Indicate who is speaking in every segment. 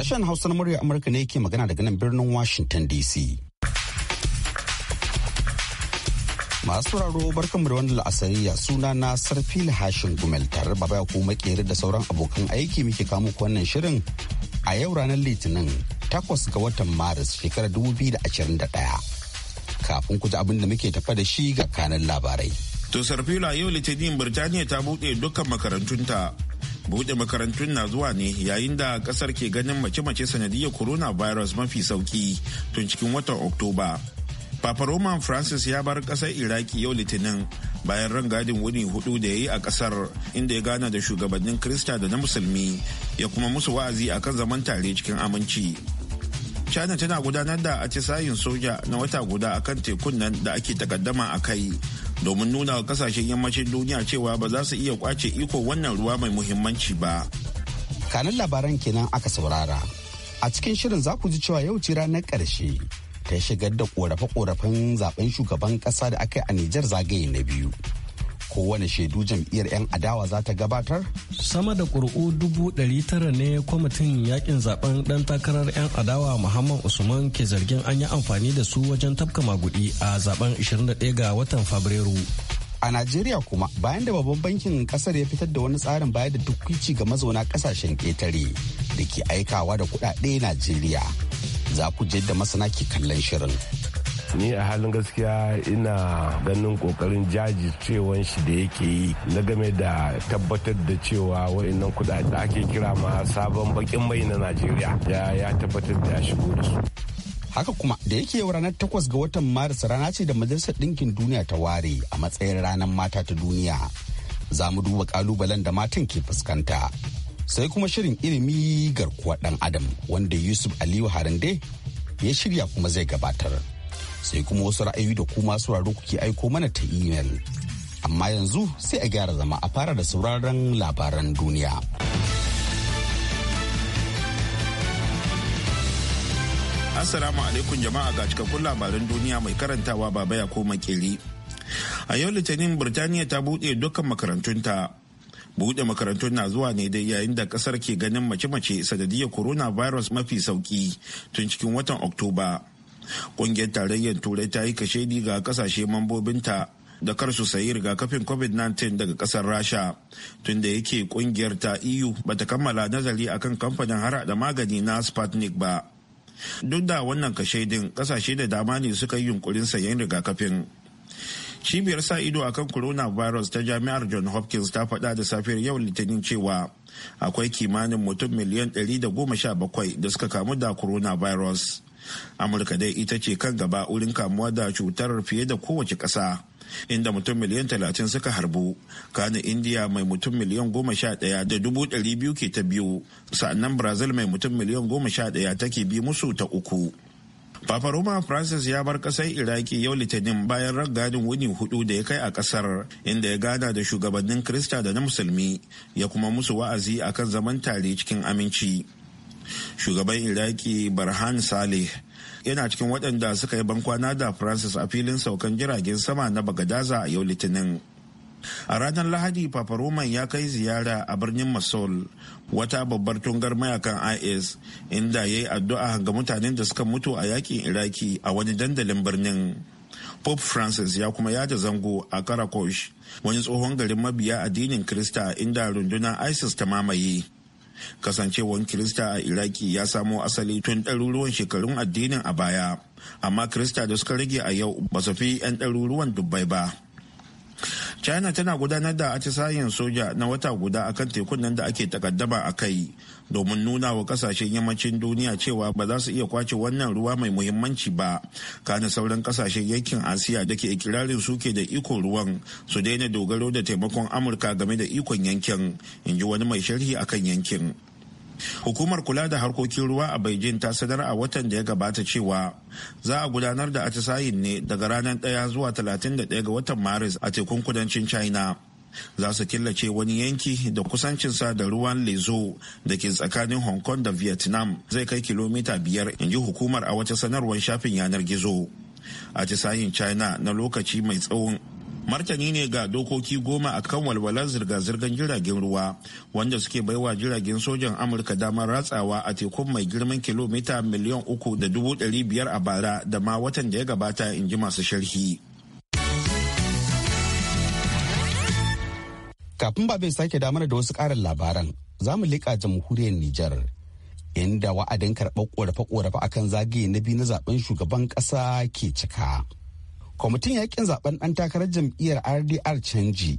Speaker 1: Sashen Hausa na murya Amurka ne ke magana daga nan birnin Washington DC. Masu raro mu da wani la'asariya suna na Sarfil Hashin Gumel tare da baya kuma kere da sauran abokan aiki muke kamo wannan shirin a yau ranar Litinin takwas ga watan Maris shekarar 2021. Kafin ku ji abin da muke tafa da shi ga kanan labarai.
Speaker 2: To Sarfila yau Litinin Birtaniya ta buɗe dukkan makarantunta bude makarantun na zuwa ne yayin da kasar ke ganin mace-mace sanadiyar virus mafi sauki tun cikin watan oktoba Papa Roman Francis ya bar kasar Iraki yau Litinin bayan rangadin wuni hudu da ya yi a kasar inda ya gana da shugabannin Krista da na Musulmi ya kuma musu wa'azi a kan zaman tare cikin aminci. China tana gudanar da atisayin soja na wata guda akan tekun nan da ake takaddama a kai domin nuna wa kasashen yammacin duniya cewa ba za su iya kwace iko wannan ruwa mai muhimmanci ba.
Speaker 1: Kanin labaran kenan aka saurara. A cikin shirin za ku ji cewa yau ci ranar ƙarshe ta shigar da ƙorafe-ƙorafen zaben shugaban ƙasa da aka yi a Nijar zagaye na biyu. kowane shaidu jam'iyyar 'yan adawa za ta gabatar?
Speaker 3: sama da ƙuri'u dubu ɗari tara ne kwamitin yakin zaben ɗan takarar 'yan adawa muhammad usman ke zargin an yi amfani da su wajen
Speaker 1: tafka magudi a zaben 21 ga watan fabrairu a najeriya kuma bayan da babban bankin kasar ya fitar da wani tsarin bayar da tukwici ga mazauna kasashen ƙetare da ke aikawa da kuɗaɗe najeriya za ku je da masana ke kallon shirin
Speaker 4: ni a halin gaskiya ina ganin kokarin jajircewan shi da yake yi na game da tabbatar da cewa waɗannan kuɗaɗe da ake kira ma sabon bakin mai na najeriya ya tabbatar da ya shigo da su
Speaker 1: haka kuma da yake yau ranar takwas ga watan maris rana ce da majalisar ɗinkin duniya ta ware a matsayin ranar mata ta duniya za mu duba kalubalen da matan ke fuskanta sai kuma shirin ilimi garkuwa dan adam wanda yusuf aliyu harande ya shirya kuma zai gabatar. sai kuma wasu ra'ayoyi da kuma sauraro kuke aiko mana ta imel. Amma yanzu sai a gyara zama a fara da sauraron labaran duniya.
Speaker 2: Assalamu alaikum jama'a ga cikakkun labaran duniya mai karantawa baba ya koma keli. A yau Litinin Birtaniya ta buɗe dukkan makarantunta. Buɗe makarantun na zuwa ne dai yayin da ƙasar ke ganin mace-mace sanadiyar coronavirus mafi sauki tun cikin watan Oktoba. Ƙungiyar tarayyar Turai ta yi kashedi ga kasashe mambobinta da kar su sayi rigakafin covid-19 daga kasar rasha tunda yake kungiyar ta eu bata kammala nazari akan kamfanin harada magani na sputnik ba duk da wannan kashedin kasashe da dama ne suka yi yunkurin sayen rigakafin cibiyar sa ido akan coronavirus ta jami'ar john hopkins ta faɗa da safiyar yau litinin cewa akwai kimanin mutum miliyan 117 da suka kamu da coronavirus amurka dai ita ce kan gaba wurin kamuwa da cutar fiye da kowace ƙasa inda mutum miliyan talatin suka harbu kanin indiya mai mutum miliyan goma sha ɗaya da dubu ɗari biyu ke ta biyu sa'annan brazil mai mutum miliyan goma sha ɗaya take bi musu ta uku Papa Roma Francis ya bar kasar Iraki yau Litinin bayan ragganin wuni hudu da ya kai a kasar inda ya gana da shugabannin Krista da na Musulmi ya kuma musu wa'azi akan zaman tare cikin aminci. shugaban iraki barhan saleh yana cikin waɗanda suka yi bankwana da francis a filin saukan jiragen sama na bagadaza a yau litinin a ranar lahadi paparoman ya kai ziyara a birnin masol wata babbar tungar mayakan is inda ya yi addu'a ga mutanen da suka mutu a yakin iraki a wani dandalin birnin pope francis ya kuma yada zango a karakosh wani tsohon garin mabiya addinin krista inda rundunar isis ta mamaye kasancewar kirista a iraki ya samo asali tun ɗaruruwan shekarun addinin a baya amma kirista da suka rage a yau ba su fi 'yan ɗaruruwan dubbai ba china tana gudanar da atisayen soja na wata guda akan tekun nan da ake takaddama a kai domin nuna wa kasashen yammacin duniya cewa ba za su iya kwace wannan ruwa mai muhimmanci ba kana sauran kasashen yankin asiya da ke ikirarin suke da ikon ruwan su daina dogaro da taimakon amurka game da ikon yankin in ji wani mai sharhi akan yankin hukumar kula da harkokin ruwa a beijing ta sanar a watan da ya gabata cewa za a gudanar da atisayin ne daga ranar 1 zuwa 31 ga watan maris a tekun kudancin china za su killace wani yanki da kusancinsa da ruwan lezo da ke tsakanin hong kong da vietnam zai kai kilomita biyar in ji hukumar a wata sanarwar shafin yanar gizo a tisayin china na lokaci mai tsawon martani ne ga dokoki goma a kan walwalar zirga-zirgar jiragen ruwa wanda suke baiwa jiragen sojan amurka damar ratsawa a tekun mai girman kilomita miliyan uku da dubu ɗari biyar a bara da ma watan da ya gabata in ji masu sharhi
Speaker 1: Kafin ba bai sake damar da wasu ƙarin labaran, za mu leƙa jamhuriyar Nijar. Inda wa'adin karɓar ƙorafe-ƙorafe kan zagaye na biyu na zaben shugaban ƙasa ke cika. Kwamitin yakin zaben ɗan takarar jam'iyyar RDR canji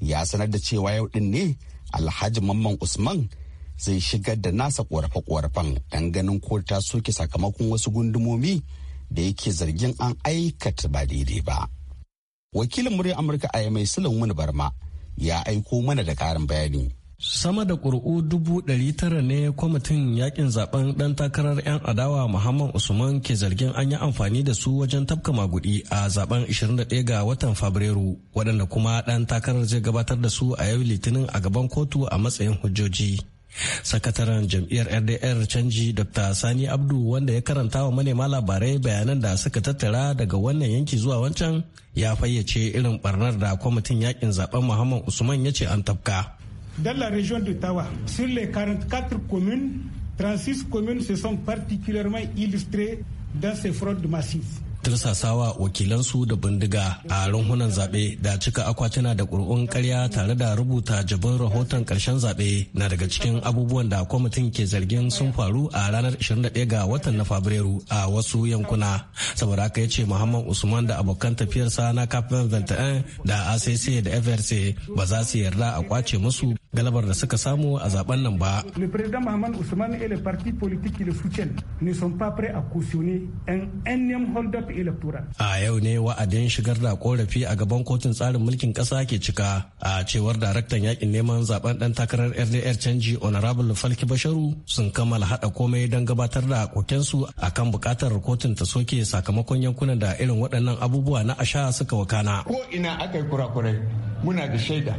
Speaker 1: ya sanar da cewa yau ɗin ne Alhaji Mamman Usman zai shigar da nasa ƙorafe-ƙorafen don ganin ko ta soke sakamakon wasu gundumomi da yake zargin an aikata ba daidai ba. Wakilin muryar Amurka a mai wani Barma ya aiko mana da karin bayani.
Speaker 3: sama da ƙuri'u dubu ɗari tara ne kwamitin yakin zaben ɗan takarar 'yan adawa muhammad usman ke zargin an yi amfani da su wajen tafka maguɗi a zaben 21 ga watan fabrairu waɗanda kuma ɗan takarar zai gabatar da su a yau litinin a gaban kotu a matsayin hujjoji sakataren jam'iyyar rdr canji dr sani abdu wanda ya karanta wa manema labarai bayanan da suka tattara daga wannan yanki zuwa wancan ya fayyace irin barnar da kwamitin yakin zaben muhammad usman ya ce an tafka
Speaker 1: Dans la région de Tawa, sur les 44 communes, 36 communes se sont particulièrement illustrées dans ces fraudes massives.
Speaker 3: tursasawa wakilansu da bindiga a runhunan zaɓe da cika akwatuna da ƙuri'un karya tare da rubuta jabin rahoton ƙarshen zaɓe na daga cikin abubuwan da kwamitin ke zargin sun faru a ranar 21 ga watan na fabrairu a wasu yankuna saboda haka ya ce muhammad usman da abokan tafiyarsa na kafin 21 da acc da frc ba za su yarda a kwace musu galabar da suka samu a zaben nan ba.
Speaker 1: Le président Mahaman Ousmane et le parti politique qui le soutient ne sont pas prêts à cautionner un énième hold-up électoral.
Speaker 3: A yau ne wa'adin shigar da korafi a gaban kotun tsarin mulkin kasa ke cika a cewar daraktan yakin neman zaben dan takarar RDR canji Honorable Falki Basharu sun kammala hada komai don gabatar da kokensu akan bukatar kotun ta soke sakamakon yankunan da irin waɗannan abubuwa na asha suka wakana. Ko ina aka yi kurakurai muna da shaida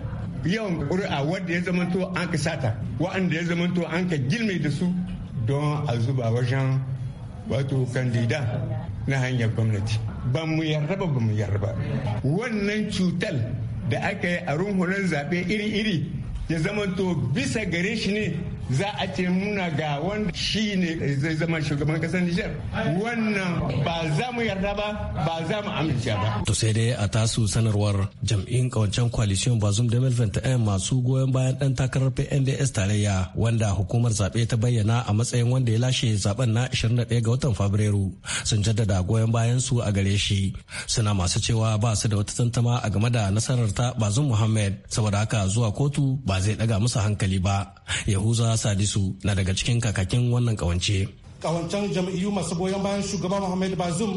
Speaker 1: yawan ƙuri'a wadda ya zamanto an ka sata wa'anda ya zamanto an ka gilme da su don a zuba wajen wato kandida
Speaker 2: na hanyar gwamnati
Speaker 1: ba mu yarda ba mu yarda ba wannan cutar da aka yi a runhunan zaɓe iri-iri ya zamanto bisa gare shi ne za a ce muna ga wanda shi ne zai zama shugaban kasar Nijar. Wannan ba za mu yarda ba, ba za mu amince ba.
Speaker 3: To sai dai a tasu sanarwar jam'in kawancen coalition Bazum 2021 masu goyon bayan ɗan takarar PNDS tarayya wanda hukumar zaɓe ta bayyana a matsayin wanda ya lashe zaben na 21 ga watan Fabrairu sun jaddada goyon bayan su a gare shi. Suna masu cewa ba su da wata tantama a game da nasarar ta Bazum Muhammad saboda haka zuwa kotu ba zai ɗaga musu hankali ba. Yahuza Sadisu na daga cikin kakakin wannan kawance. Kawancen jam'iyyu masu goyon bayan shugaba Muhammadu Bazum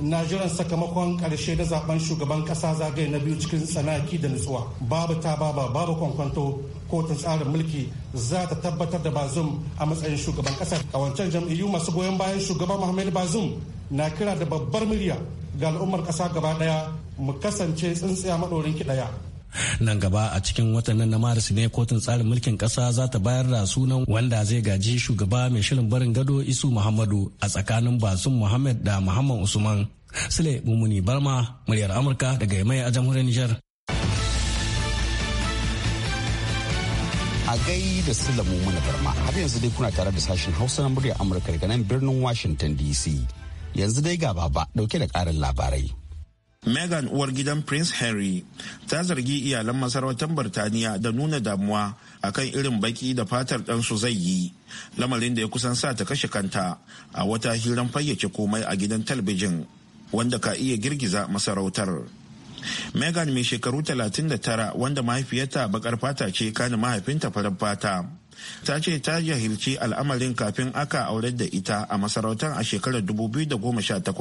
Speaker 3: na jiran sakamakon karshe na zaben shugaban kasa zagaye na biyu cikin tsanaki da nutsuwa babu ta baba babu kwankwanto kotun tsarin mulki za ta tabbatar da bazum a matsayin shugaban kasa kawancen jam'iyyu masu goyon bayan shugaban Muhammadu bazum na kira da babbar murya ga al'ummar kasa gaba daya mu kasance tsintsiya maɗorin ki daya nan gaba a cikin watan nan na maris ne kotun tsarin mulkin kasa za ta bayar da sunan wanda zai gaji shugaba mai shirin barin gado isu muhammadu a tsakanin basun muhammad da muhammad usman sule mummuni barma muryar amurka daga yamai a jamhuriyar nijar
Speaker 1: a gai da sule mummuni barma har yanzu dai kuna tare da sashen hausa na muryar amurka daga nan birnin washington dc yanzu dai ga baba dauke da karin
Speaker 2: labarai Meghan uwar gidan Prince Henry ta zargi iyalan masarautar Birtaniya da nuna damuwa akan irin baki da fatar ɗansu zai yi, lamarin da ya kusan sa ta kashe kanta a wata hiran fayyace komai a gidan talbijin wanda ka iya girgiza masarautar. megan mai shekaru 39 wanda mahaifiyarta bakar fata ce kanin mahaifinta farar fata ta ce ta jahilci al'amarin kafin aka aurar da ita a masarautar a shekarar 2018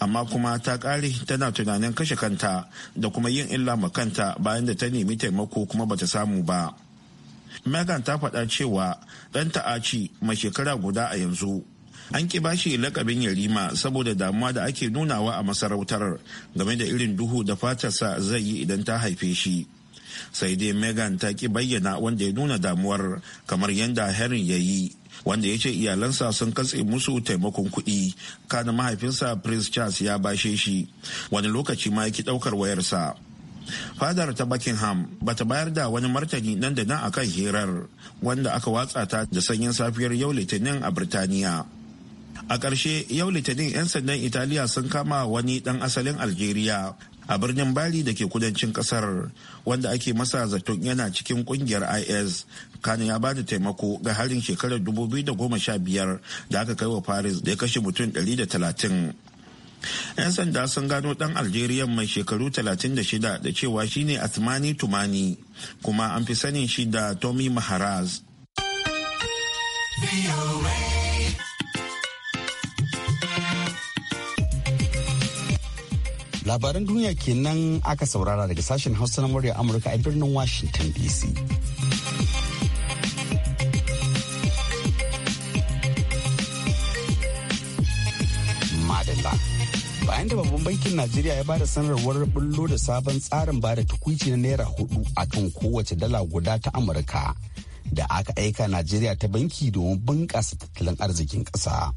Speaker 2: amma kuma ta kare tana tunanin kashe kanta da kuma yin illa ma kanta bayan da ta nemi taimako kuma bata samu ba megan ta faɗa cewa ɗanta ta'aci mai shekara guda a yanzu an ki bashi lakabin yarima saboda damuwa da ake nunawa a masarautar game da irin duhu da fatarsa zai yi idan ta haife shi sai dai megan ta ki bayyana wanda ya nuna damuwar kamar yadda herin ya yi wanda ya ce iyalansa sun katse musu taimakon kuɗi kana mahaifinsa prince charles ya bashe shi wani lokaci ma ya ki ɗaukar wayarsa fadar ta buckingham ba ta bayar da wani martani nan da nan akan hirar wanda aka watsa ta da sanyin safiyar yau litinin a birtaniya a ƙarshe yau litinin 'yan sandan italiya sun kama wani ɗan asalin algeria a birnin bali da ke kudancin kasar wanda ake masa zaton yana cikin kungiyar is kano ya bada taimako ga harin shekarar 2015 da aka kai wa paris da ya kashe mutum 130 'yan sanda sun gano dan algeria mai shekaru 36 da cewa shine asmani tumani kuma an fi sanin shi da tommy maharaz
Speaker 1: labaran duniya kenan aka saurara daga sashen hausa na murya amurka a birnin washington dc madalla bayan da babban bankin najeriya ya bada sanarwar bullo da sabon tsarin bada tukwici na naira hudu a kan kowace dala guda ta amurka da aka aika najeriya ta banki domin bunƙasa tattalin arzikin ƙasa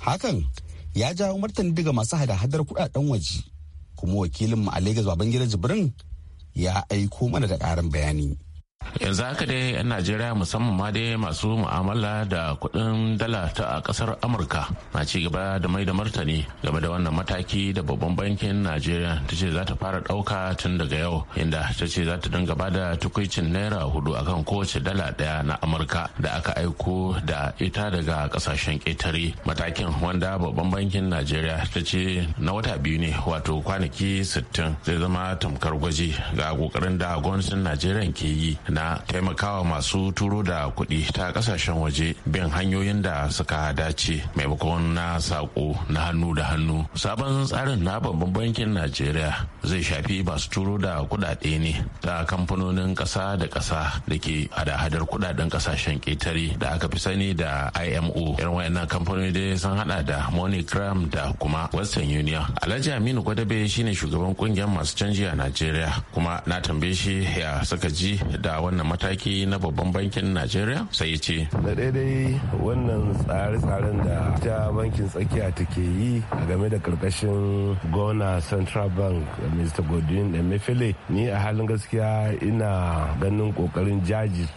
Speaker 1: hakan ya jawo martani daga masu hada-hadar kudaden waje kuma wakilinmu a Legas Babangida Jibrin ya aiko mana da ƙarin bayani.
Speaker 5: yanzu haka dai yan najeriya musamman ma dai masu mu'amala da kuɗin dala ta a ƙasar amurka na ci gaba da mai da martani game da wannan mataki da babban bankin najeriya ta ce za ta fara ɗauka tun daga yau inda ta ce za ta dinga ba da tukwicin naira hudu akan kowace dala ɗaya na amurka da aka aiko da ita daga kasashen ƙetare matakin wanda babban bankin najeriya ta ce na wata biyu ne wato kwanaki sittin zai zama tamkar gwaji ga kokarin da gwamnatin najeriya ke yi na taimakawa masu turo da kuɗi ta ƙasashen waje bin hanyoyin da suka dace maimakon na sako na hannu da hannu sabon tsarin na babban bankin najeriya zai shafi masu turo da kuɗaɗe ne ta kamfanonin ƙasa da ƙasa da ke hada-hadar kuɗaɗen ƙasashen ƙetare da aka fi sani da imo irin wayannan kamfanoni dai sun haɗa da moneygram da kuma western union alhaji aminu gwadabe shine shugaban kungiyar masu canji a najeriya kuma na tambaye shi ya suka ji da wannan mataki na babban bankin najeriya sai ya ce
Speaker 4: da daidai wannan tsare-tsaren da ta bankin tsakiya take yi a game da karkashin gona central bank mr godwin emefiele ni a halin gaskiya ina ganin kokarin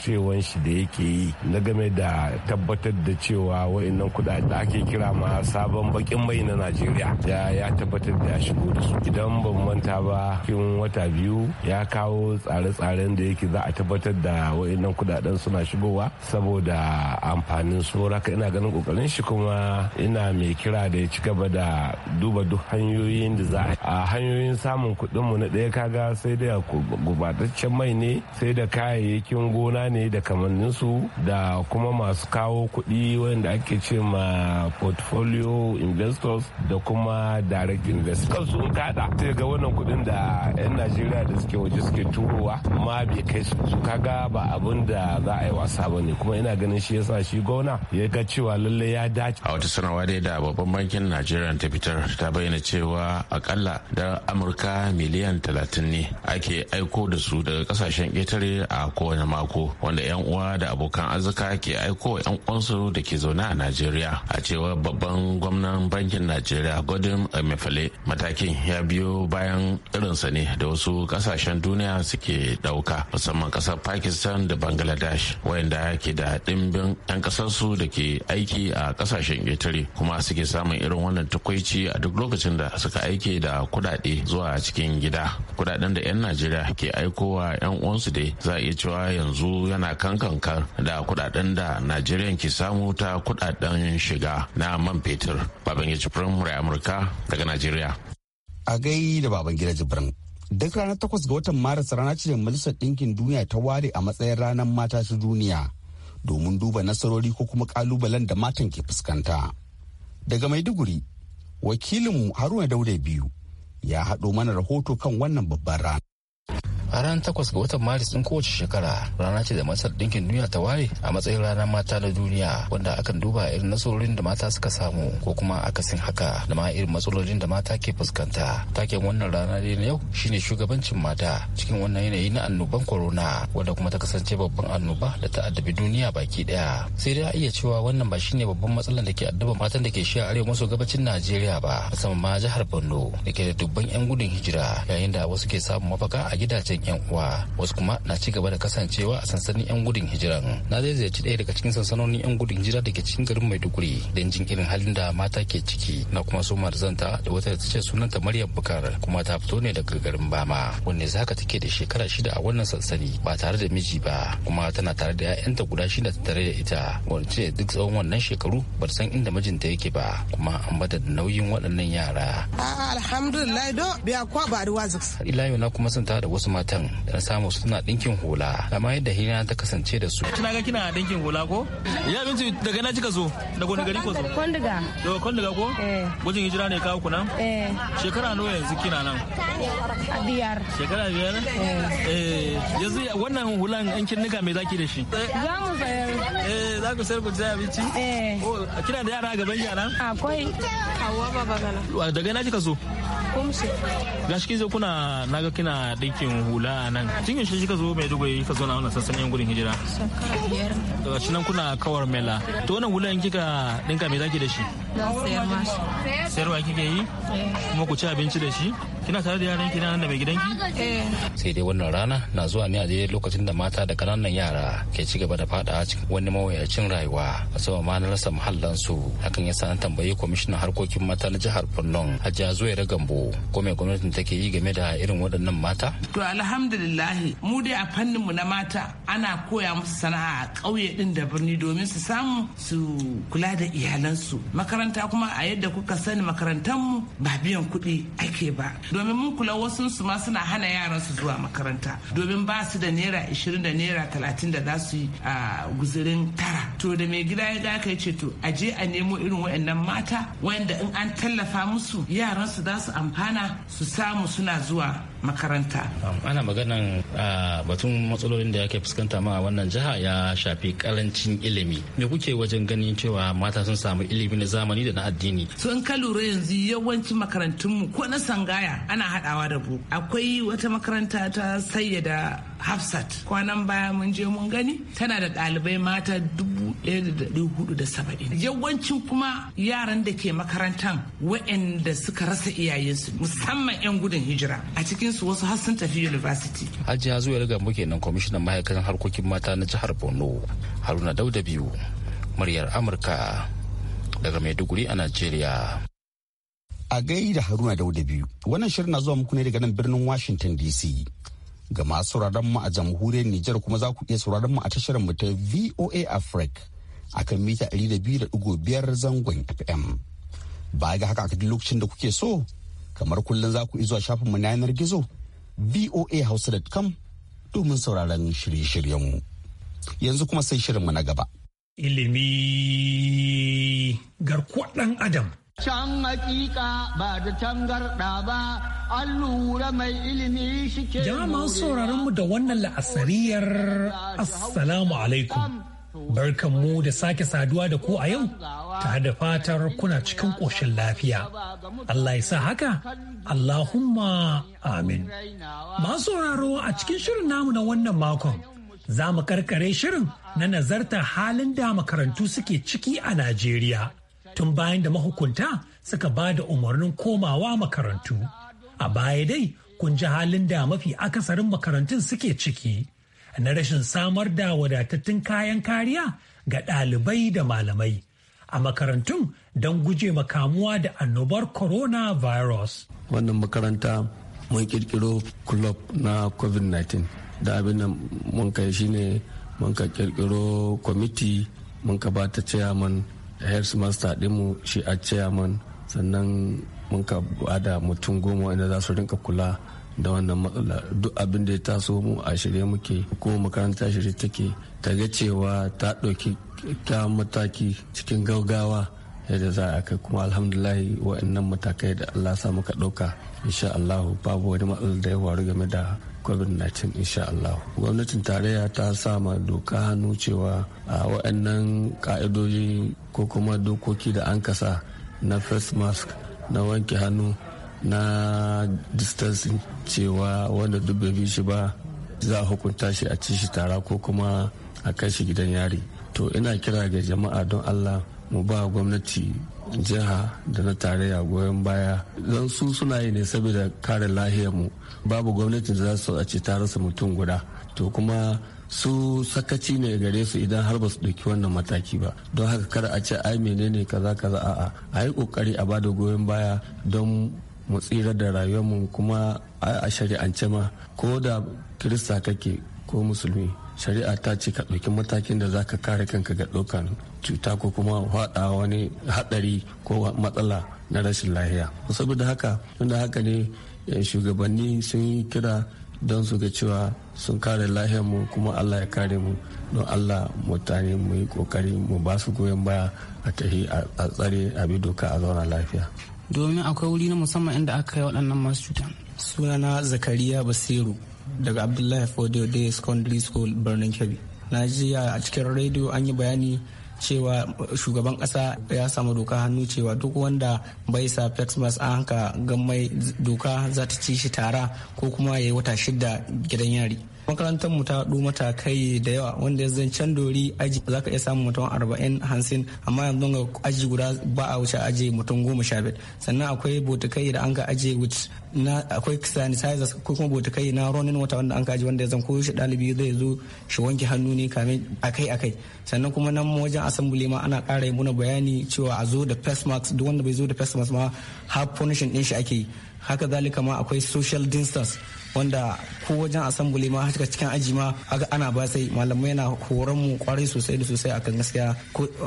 Speaker 4: cewa shi da yake yi na game da tabbatar da cewa wa'annan kuɗaɗe da ake kira ma sabon bakin mai na najeriya ya tabbatar da ya shigo da su idan ban manta ba cikin wata biyu ya kawo tsare-tsaren da yake za a tabbatar tabbatar da wa'annan kudaden suna shigowa saboda amfanin su ina ganin kokarin shi kuma ina mai kira da ya ci gaba da duba duk hanyoyin da za a hanyoyin samun kuɗin mu na ɗaya kaga sai da gubataccen mai ne sai da kayayyakin gona ne da kamannin su da kuma masu kawo kuɗi wanda ake ce ma portfolio investors da kuma direct investors sun kada sai ga wannan kuɗin da 'yan najeriya da suke waje suke turowa ma bai kai su kaga ba abin da za a yi wasa ba ne kuma ina ganin shi yasa shi gona
Speaker 5: ya ga cewa lalle ya dace a wata sanarwa dai da babban bankin najeriya ta fitar ta bayyana cewa akalla da amurka miliyan talatin ne ake aiko da su daga kasashen ƙetare a kowane mako wanda yan uwa da abokan arzika ke aiko yan uwansu da ke zaune a najeriya a cewa babban gwamnan bankin najeriya godin emefale matakin ya biyo bayan irinsa ne da wasu kasashen duniya suke ɗauka musamman ƙasar kasar pakistan da bangladesh wayanda ke da ɗimbin 'yan kasarsu da ke aiki a kasashen ƙetare kuma suke samun irin wannan takwaici a duk lokacin da suka aike da kuɗaɗe zuwa cikin gida kudaden da 'yan najeriya ke aikowa 'yan uwansu dai za a iya cewa yanzu yana kankankar da kuɗaɗen da najeriya ke samu ta kudaden shiga na man fetur baban ya ci firamare amurka daga najeriya
Speaker 1: a gai da babangida jibrin duk ranar takwas ga watan maris rana ce da majalisar ɗinkin duniya ta ware a matsayin ranar mata ta duniya domin duba nasarori ko kuma kalubalen da matan ke fuskanta daga maiduguri wakilinmu haruna dauda biyu ya haɗo mana rahoto kan wannan babban rana a ranar takwas ga watan maris din
Speaker 6: kowace shekara rana ce da masar dinkin duniya ta ware a matsayin ranar mata na duniya wanda akan duba irin nasarorin da mata suka samu ko kuma akasin haka da ma irin matsalolin da mata ke fuskanta taken wannan rana dai na yau shine shugabancin mata cikin wannan yanayi na annoban corona wanda kuma ta kasance babban annoba da ta addabi duniya baki daya sai dai a iya cewa wannan ba shine babban matsalar da ke addaba matan da ke shi a arewa maso gabacin najeriya ba musamman ma jihar borno da ke da dubban yan gudun hijira yayin da wasu ke samun mafaka a gidajen yan uwa wasu kuma na ci gaba da kasancewa a sansanin yan gudun hijiran na zai ziyarci ɗaya daga cikin sansanonin yan gudun hijira da ke cikin garin maiduguri don jin irin halin da mata ke ciki na kuma so zanta da wata da ta ce sunanta maryam bukar kuma ta fito ne daga garin bama wanda zaka take da shekara shida a wannan sansani ba tare da miji ba kuma tana tare da ta guda shida tare da ita wacce duk tsawon wannan shekaru ba san inda mijinta yake ba kuma an bada nauyin waɗannan yara.
Speaker 7: alhamdulillah don biya kwa ba
Speaker 6: ila yau na kuma santa da wasu mata matan da na samu suna ɗinkin hula amma yadda hina ta kasance da su. Kina ga kina ɗinkin hula ko? Ya binci daga na kika zo Da wani gari ko zo? Kwandiga. Daga kondiga ko? Eh. Gujin hijira ne kawo kunan? Eh. Shekara nawa yanzu kina nan?
Speaker 7: Biyar. Shekara biyar? Eh.
Speaker 6: eh yanzu wannan hulan an kin nika me zaki da shi?
Speaker 7: Za mu sayar.
Speaker 6: Eh za ku sayar ku ci abinci? Eh. Oh, kina da yara a gaban yara? Akwai. Hawwa baba gana. Daga na kika zo? gashi kin kuna kuna naga kina dinkin hula a nan tun yaushe kika zo mai dubai ka zo na wannan sassan yan gudun hijira shekara biyar nan kuna kawar mela to wannan hula kika dinka me zaki da shi
Speaker 7: Na sayar ma sayarwa
Speaker 6: kike yi eh. kuma ku ci abinci da shi kina tare da yaran kina nan da mai
Speaker 7: gidanki eh.
Speaker 6: sai dai wannan rana na zuwa ne a daidai lokacin da mata da kananan yara ke ci gaba da fada cikin wani mawuyacin rayuwa a ma na rasa su hakan ya sa na tambayi kwamishinan harkokin mata na jihar Borno Hajiya Zuwaira Gambo ko mai gwamnatin take yi game da irin waɗannan mata
Speaker 7: to alhamdulillah mu dai a fannin mu na mata ana koya musu sana'a a ƙauye din da birni domin su samu su kula da iyalansu makaranta kuma a yadda kuka sani makarantar mu ba biyan kuɗi ake ba domin mun kula wasu ma suna hana yaran su zuwa makaranta domin ba su da naira 20 da naira 30 da za su yi a guzurin tara to da mai gida ya ga aka ce to a je a nemo irin wayannan mata wanda in an tallafa musu yaran su za su amfana su samu suna zuwa
Speaker 6: makaranta ana maganan ah, batun matsalolin da yake fuskanta ma wannan jiha ya shafi karancin ilimi me kuke wajen ganin cewa
Speaker 7: mata sun samu ilimi na zamani da na addini so in ka lura yanzu yawancin makarantunmu ko na sangaya ana haɗawa da bu akwai wata makaranta ta sayyada hafsat kwanan baya mun je mun gani tana da ɗalibai mata dubu ɗaya da ɗari hudu da saba'in yawancin kuma yaran da ke makarantan waɗanda suka rasa iyayensu musamman 'yan gudun hijira a cikinsu wasu har sun tafi university
Speaker 6: hajiya zuwa daga muke nan kwamishinan ma'aikatan harkokin mata na jihar borno haruna dauda biyu muryar amurka daga maiduguri a najeriya
Speaker 1: a gaida haruna dauda biyu wannan shirin na zuwa muku ne daga nan birnin washington dc Ga masu sauraron mu a jamhuriyar Nijar kuma za ku iya sauraron mu a tashar mu ta VOA Africa a kan mita 200.5 zangon FM. Ba ga haka a duk lokacin da kuke so, kamar kullum za ku zuwa shafin mu na yanar gizo voahausa.com domin sauraron shirye mu Yanzu kuma sai shirin mu na gaba.
Speaker 8: Ilimi garkuwar ɗan Adam.
Speaker 9: Can hakika ba da tangarɗa ba, an lura mai ilimi shi ke Jama'a sauraron
Speaker 8: mu da wannan la'asariyar Assalamu alaikum. Barkan mu da sake saduwa da ku a yau, ta da fatar kuna cikin ƙoshin lafiya. Allah ya sa haka, Allahumma amin. Masu sauraro a cikin shirin namu na wannan makon, za mu karkare shirin na nazarta halin da makarantu suke ciki a Najeriya. tun bayan da mahukunta suka ba da umarnin komawa makarantu. A baya dai kun ji halin da mafi akasarin makarantun suke ciki na rashin samar da wadatattun kayan kariya ga ɗalibai da malamai a makarantun don guje makamuwa da annobar coronavirus. Wannan
Speaker 9: makaranta mun kirkiro club na COVID-19 da abin da mun kai shi ne mun ka kirkiro kwamiti mun ka bata chairman master dinmu shi a chairman sannan mun ka bada mutum goma wanda za su rinka kula da wannan matsala duk abin da ya taso mu a shirye muke ko makaranta shirye take ta ga cewa ta ɗauki ta mataki cikin gaugawa yadda za a kai kuma alhamdulahi wa'annan matakai da allah sa muka ɗauka insha allahu babu wani matsala da ya faru game da covid-19 insha allahu Gwamnatin tarayya ta sama doka hannu cewa a waɗannan ka'idoji ko kuma dokoki da an kasa na face mask na wanke hannu na distancing cewa wanda duk bai bi shi ba za a hukunta shi a ci shi tara ko kuma a kai shi gidan yari to ina kira ga jama'a don allah mu ba gwamnati jiha da na tarayya goyon baya don su suna yi ne saboda kare lahiyar mu babu gwamnatin da za su a ce ta rasa mutum guda to kuma su sakaci ne gare su idan har ba su ɗauki wannan mataki ba don haka kada a ce ai menene kaza kaza a'a a yi kokari a bada goyon baya don mu tsira da mu kuma a shari'ance ma ko da kirista kake ko musulmi shari'a ta ce ka ɗauki matakin da zaka kare kanka ga ɗaukan cuta ko kuma faɗa wani haɗari ko matsala na rashin lahiya saboda haka tunda haka ne eh, shugabanni sun kira don su ga cewa sun kare mu kuma allah ya kare mu don allah mutane mu yi kokari mu ba su goyon baya a tafi a tsare a bi doka a zauna lafiya
Speaker 10: domin akwai wuri na musamman inda aka yi waɗannan masu cuta sunana zakariya basiru daga abdullahi fodio day secondary school birnin kebbi na ji a cikin rediyo an yi bayani cewa shugaban kasa ya samu doka hannu cewa duk wanda bai sa face mask an haka gan mai doka za ta ci shi tara ko kuma ya yi wata shidda gidan yari makarantar mu ta haɗu matakai da yawa wanda ya zancen dori aji za ka iya samun mutum arba'in hamsin amma yanzu ga aji guda ba a wuce aji mutum goma sha biyar sannan akwai botikai da an ka aji na akwai sanitizers ko kuma botikai na ronin wata wanda an ka aji wanda ya zan ko shi ɗalibi zai zo shi wanke hannu ne kamin akai akai sannan kuma nan wajen assembly ma ana kara yi muna bayani cewa a zo da face mask duk wanda bai zo da face mask ma har punishing ɗin shi ake yi haka zalika ma akwai social distance wanda ko wajen assembly ma haka cikin aji ma ana ba sai malamai na horon mu kwarai sosai da sosai akan gaskiya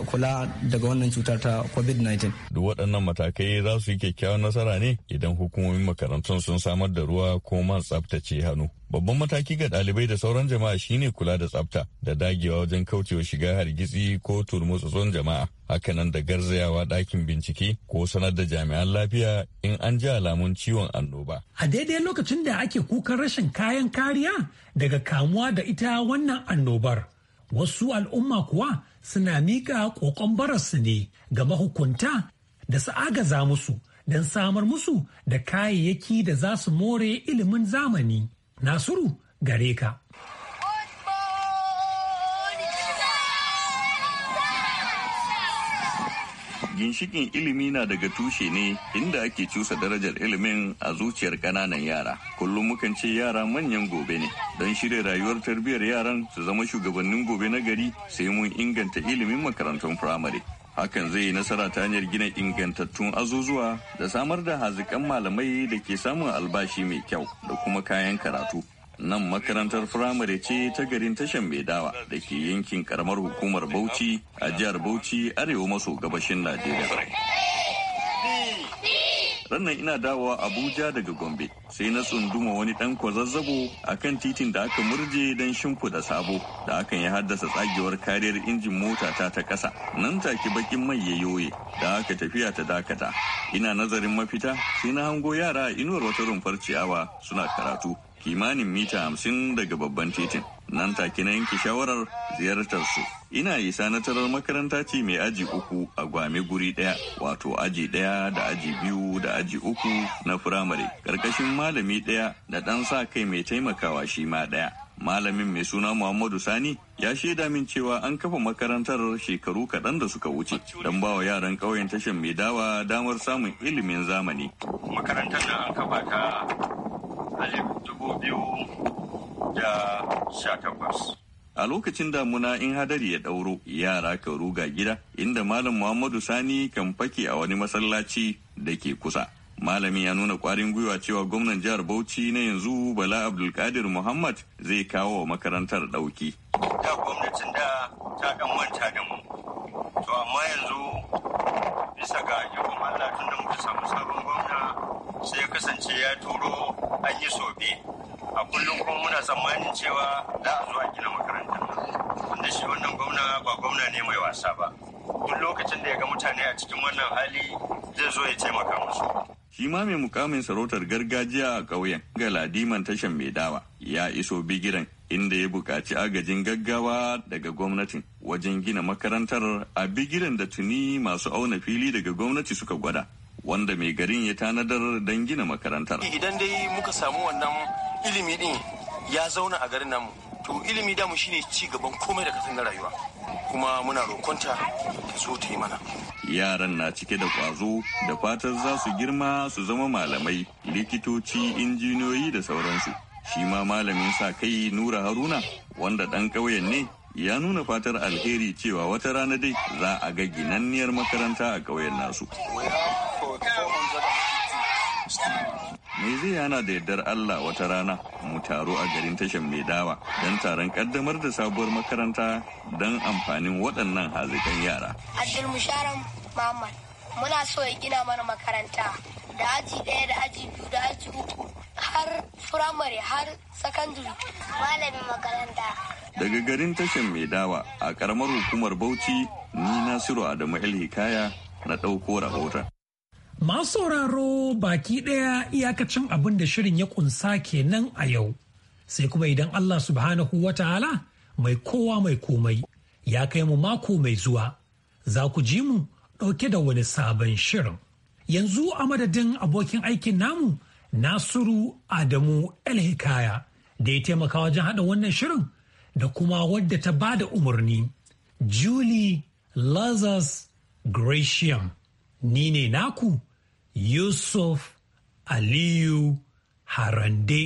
Speaker 10: kula daga wannan
Speaker 11: cutar ta covid-19 duk waɗannan matakai za su yi kyakkyawan nasara ne idan hukumomin makarantun sun samar da ruwa ko man tsaftace hannu Babban mataki ga dalibai da sauran jama'a shine kula da tsafta da dagewa wajen kaucewa shiga hargitsi ko turmutsutsun jama'a. Hakanan da garzayawa ɗakin bincike ko sanar da jami'an lafiya in an ji alamun ciwon annoba.
Speaker 8: A daidai lokacin da ake kukan rashin kayan kariya daga kamuwa da ita wannan annobar. Wasu al'umma kuwa suna miƙa ƙoƙon bararsu ne ga mahukunta da su agaza musu don samar musu da kayayyaki da za su more ilimin zamani. Nasiru gare ka.
Speaker 11: ginshikin ilimi na daga tushe ne inda ake cusa darajar ilimin a zuciyar ƙananan yara kullum mukan ce yara manyan gobe ne don shirya rayuwar tarbiyyar yaran su zama shugabannin gobe na gari sai mun inganta ilimin makarantun firamare hakan zai yi nasara ta hanyar gina ingantattun azuzuwa da samar da hazikan malamai da ke samun albashi mai kyau da kuma kayan karatu nan makarantar firamare ce ta garin tashan dawa da ke yankin karamar hukumar bauchi a jihar bauchi arewa maso gabashin najeriya Rannan ina dawowa Abuja daga Gombe sai na tsunduma wani dan kwazazzabo a kan titin da aka murje don shimfiɗa sabo da hakan ya haddasa tsagewar kariyar injin mota ta ta ƙasa. Nan take bakin mai ya yoye da aka tafiya ta dakata. Ina nazarin mafita sai na hango yara inuwar wata rumfar ciyawa suna karatu kimanin mita hamsin daga babban titin. nan take na yanke shawarar ziyartar su ina isa na tarar makaranta ce mai aji uku a gwame guri ɗaya. wato aji ɗaya da aji biyu da aji uku na firamare Ƙarƙashin malami ɗaya da ɗan sa kai mai taimakawa shi ma daya malamin mai suna muhammadu sani ya shaida min cewa an kafa makarantar shekaru kaɗan da suka wuce don ba wa yaran ƙauyen tashin mai dawa damar samun ilimin zamani makarantar da an kafa ta da sha takwas. A lokacin damuna in hadari ya ɗauro yara ka ruga gida inda Malam Muhammadu Sani kan fake a wani masallaci da ke kusa. Malami ya nuna kwarin gwiwa cewa gwamnan jihar Bauchi na yanzu Bala Abdulkadir Muhammad zai kawo wa makarantar ɗauki. Da gwamnatin da ta ɗan manta da mu to amma yanzu
Speaker 10: bisa ga ikon Allah da muka samu sabon gwamna sai ya kasance ya turo an yi sobe a kullum kuma muna tsammanin cewa za a zo a gina makarantar wanda shi wannan gwamna ba gwamna ne mai wasa ba duk lokacin da ya ga mutane a cikin wannan hali
Speaker 11: zai zo ya taimaka musu shi ma mai mukamin sarautar gargajiya a ƙauyen ga ladiman tashan mai dawa ya iso bigiran inda ya buƙaci agajin gaggawa daga gwamnatin wajen gina makarantar a bigiren da tuni masu auna fili daga gwamnati suka gwada wanda mai garin ya tanadar don gina makarantar.
Speaker 9: Idan dai muka samu wannan ilimi din ya
Speaker 11: zauna a garin namu
Speaker 9: to ilimi damu shine ci gaban komai da kasan na rayuwa kuma muna rokonta ta so ta yi mana.
Speaker 11: Yaran na cike da ƙwazo da fatan za su girma su zama malamai likitoci injiniyoyi da sauransu. shi ma malamin sa kai nura haruna wanda ɗan ƙauyen ne ya nuna fatar alheri cewa wata rana dai za a ga ginanniyar makaranta a ƙauyen nasu me zai yana da yardar Allah wata rana mu taro a garin tashan mai dawa don taron kaddamar da sabuwar makaranta don amfanin waɗannan hazikan yara.
Speaker 7: Abdul Musharam Muhammad muna so ya gina mana makaranta da aji ɗaya da aji biyu da aji uku har firamare har sakandare malamin makaranta.
Speaker 11: Daga garin tashan mai dawa a karamar hukumar Bauchi ni Nasiru Adamu El Hikaya na ɗauko rahoton.
Speaker 8: Masu sauraro baki ɗaya iyakacin abin da shirin ya kunsa kenan a yau. Sai kuma idan Allah subhanahu wa ta'ala mai kowa mai komai ya kai mu mako mai zuwa, za ku ji mu ɗauke da wani sabon shirin. yanzu a madadin abokin aikin namu nasiru adamu el da ya taimaka wajen haɗa wannan shirin da kuma wadda ta ba da umarni julie lazarus gratiam ni ne naku yusuf aliyu harande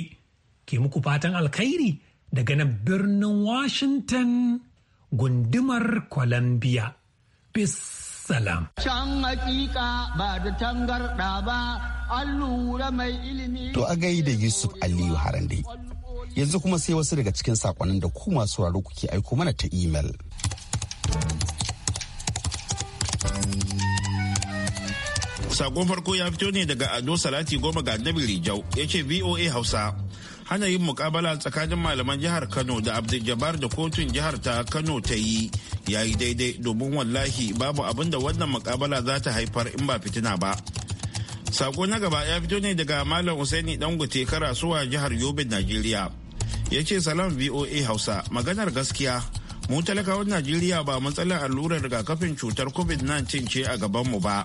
Speaker 8: ke muku fatan alkhairi daga nan birnin washington gundumar columbia peace salam.
Speaker 9: Can hakika ba da tangarɗa ba, an lura mai ilimi.
Speaker 1: To a gai da Yusuf Aliyu Harande. Yanzu kuma sai wasu daga cikin sakonnin da ku masu sauraro kuke aiko mana ta imel.
Speaker 2: Sakon farko ya fito ne daga Ado Salati Goma ga Nabi Rijau, ya ce VOA Hausa. hana yin mukabala tsakanin malaman jihar kano da abdul da kotun jihar ta kano ta yi ya yi daidai domin wallahi babu abin da wannan mukabala za ta haifar in ba fitina ba sako na gaba ya fito ne daga malam usaini dangote karasuwa jihar yobe najeriya ya ce salam voa hausa maganar gaskiya mu talakawan najeriya ba matsalar allurar rigakafin cutar covid-19 ce a gabanmu ba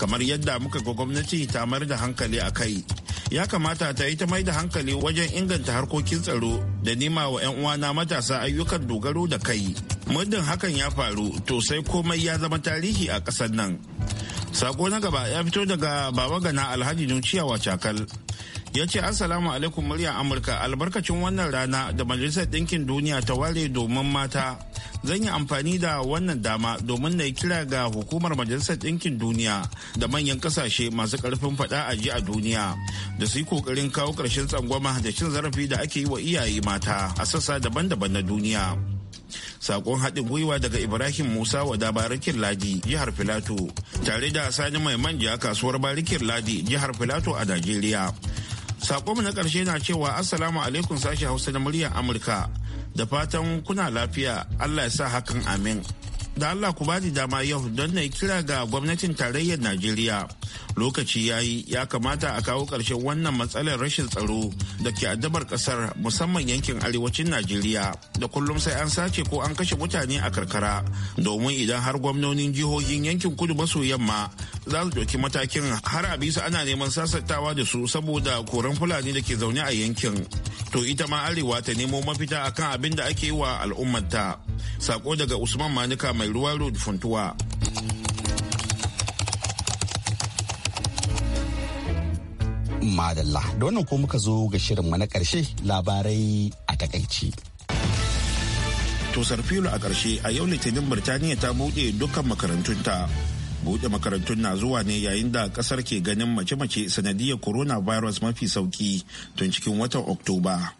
Speaker 2: kamar yadda muka ga gwamnati tamar da hankali a kai ya kamata ta yi ta mai da hankali wajen inganta harkokin tsaro da nima wa 'yan uwana matasa ayyukan dogaro da kai muddin hakan ya faru to sai komai ya zama tarihi a ƙasar nan sako na gaba ya fito daga baba gana alhaji nuciyawa cakal ya ce assalamu alaikum murya amurka albarkacin wannan rana da majalisar ɗinkin duniya ta ware domin mata zan yi amfani da wannan dama domin na yi kira ga hukumar majalisar ɗinkin duniya da manyan ƙasashe masu ƙarfin faɗa a ji a duniya da su yi ƙoƙarin kawo ƙarshen tsangwama da cin zarafi da ake yi wa iyaye mata a sassa daban-daban na duniya. Sakon haɗin gwiwa daga Ibrahim Musa wa Barikin Ladi jihar Filato tare da Sani Mai Manja kasuwar Barikin Ladi jihar Filato a Najeriya. mu na ƙarshe na cewa Assalamu alaikum sashi Hausa da muryar Amurka. Da fatan kuna lafiya Allah ya sa hakan amin. Da Allah ku bani dama yau don na kira ga gwamnatin tarayyar Najeriya lokaci ya yi ya kamata a kawo ƙarshen wannan matsalar rashin tsaro da ke addabar ƙasar musamman yankin arewacin najeriya da kullum sai an sace ko an kashe mutane a karkara domin idan har gwamnonin jihohin yankin kudu maso yamma za su ɗauki matakin har a bisa ana neman sasantawa da su saboda koran fulani da ke zaune a yankin to ita ma arewa ta nemo mafita akan abin da ake yi wa al'ummarta sako daga usman manuka mai ruwa road funtuwa madalla
Speaker 1: da wannan ko muka zo ga shirinmu na ƙarshe labarai a takaici.
Speaker 2: tosar filo a ƙarshe a yau litinin birtaniya ta buɗe dukkan makarantunta buɗe makarantun na zuwa ne yayin da ƙasar ke ganin mace-mace sanadiyar virus mafi sauki tun cikin watan oktoba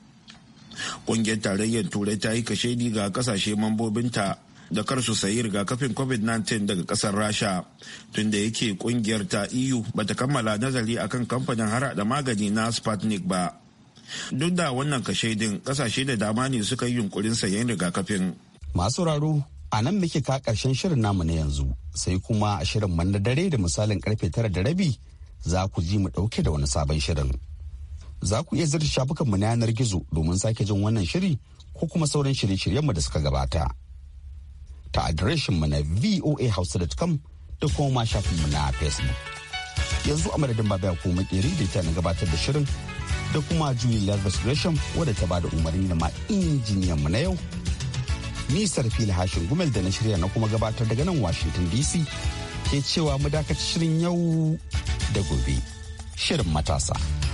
Speaker 2: ƙungiyar tarayyar turai ta yi kashedi ga ƙasashe mambobinta da kar su sayi rigakafin covid-19 daga kasar rasha tunda yake kungiyar ta eu ta kammala nazari akan kamfanin harada magani na sputnik ba duk da wannan kashe din kasashe da dama ne suka yi yunkurin sayen rigakafin masu raro a nan muke ka karshen shirin namu na yanzu sai kuma a shirin
Speaker 1: man na dare da misalin karfe tara da rabi za ku ji mu dauke da wani sabon shirin za ku iya zirta shafukanmu na yanar gizo domin sake jin wannan shiri ko kuma sauran shirye-shiryenmu da suka gabata ta adireshinmu na hausa.com da kuma shafinmu na facebook yanzu a madadin babaya ko makeri da ta na gabatar da shirin da kuma juyin lervis gresham wadda ta bada umarni na ma injiniyan mu na yau nisar fili hashin gumel da na shirya na kuma gabatar daga nan washington dc ke cewa mu dakaci shirin yau da gobe shirin matasa